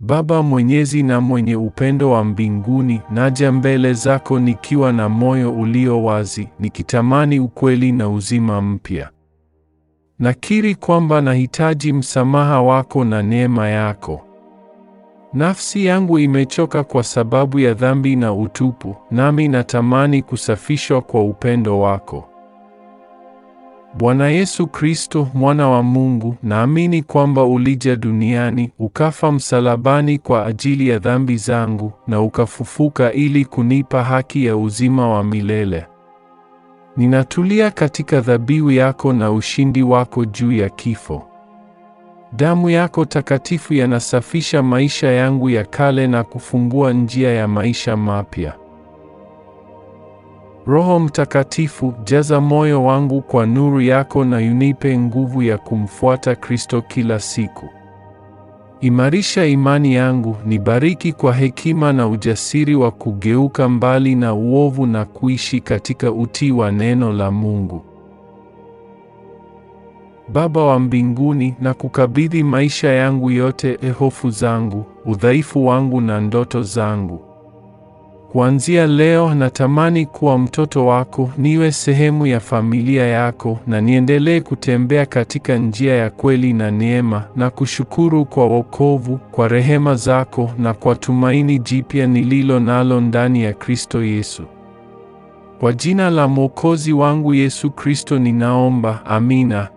Baba mwenyezi na mwenye upendo wa mbinguni, naja mbele zako nikiwa na moyo ulio wazi, nikitamani ukweli na uzima mpya. Nakiri kwamba nahitaji msamaha wako na neema yako. Nafsi yangu imechoka kwa sababu ya dhambi na utupu, nami natamani kusafishwa kwa upendo wako. Bwana Yesu Kristo, mwana wa Mungu, naamini kwamba ulija duniani ukafa msalabani kwa ajili ya dhambi zangu na ukafufuka ili kunipa haki ya uzima wa milele. Ninatulia katika dhabihu yako na ushindi wako juu ya kifo. Damu yako takatifu yanasafisha maisha yangu ya kale na kufungua njia ya maisha mapya. Roho Mtakatifu, jaza moyo wangu kwa nuru yako na unipe nguvu ya kumfuata Kristo kila siku. Imarisha imani yangu, nibariki kwa hekima na ujasiri wa kugeuka mbali na uovu na kuishi katika utii wa neno la Mungu. Baba wa mbinguni, na kukabidhi maisha yangu yote, e hofu zangu, udhaifu wangu na ndoto zangu. Kuanzia leo natamani kuwa mtoto wako, niwe sehemu ya familia yako, na niendelee kutembea katika njia ya kweli na neema, na kushukuru kwa wokovu, kwa rehema zako, na kwa tumaini jipya nililo nalo ndani ya Kristo Yesu. Kwa jina la Mwokozi wangu Yesu Kristo ninaomba, amina.